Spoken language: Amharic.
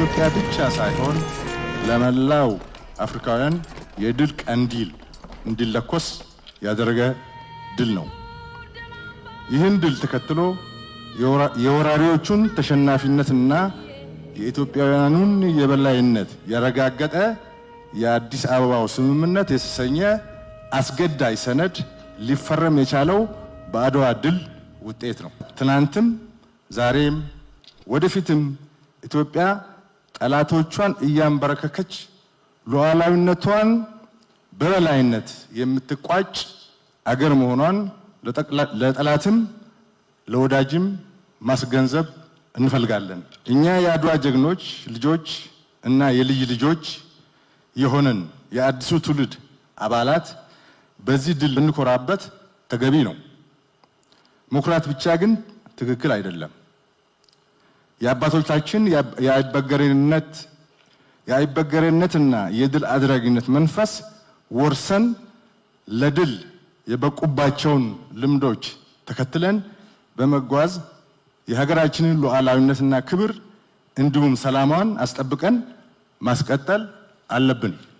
ለኢትዮጵያ ብቻ ሳይሆን ለመላው አፍሪካውያን የድል ቀንዲል እንዲለኮስ ያደረገ ድል ነው። ይህን ድል ተከትሎ የወራሪዎቹን ተሸናፊነትና የኢትዮጵያውያኑን የበላይነት ያረጋገጠ የአዲስ አበባው ስምምነት የተሰኘ አስገዳጅ ሰነድ ሊፈረም የቻለው በአድዋ ድል ውጤት ነው። ትናንትም ዛሬም ወደፊትም ኢትዮጵያ ጠላቶቿን እያንበረከከች ሉዓላዊነቷን በበላይነት የምትቋጭ አገር መሆኗን ለጠላትም ለወዳጅም ማስገንዘብ እንፈልጋለን። እኛ የአድዋ ጀግኖች ልጆች እና የልጅ ልጆች የሆነን የአዲሱ ትውልድ አባላት በዚህ ድል ብንኮራበት ተገቢ ነው። መኩራት ብቻ ግን ትክክል አይደለም። የአባቶቻችን የአይበገሬነት የአይበገሬነትና የድል አድራጊነት መንፈስ ወርሰን ለድል የበቁባቸውን ልምዶች ተከትለን በመጓዝ የሀገራችንን ሉዓላዊነትና ክብር እንዲሁም ሰላሟን አስጠብቀን ማስቀጠል አለብን።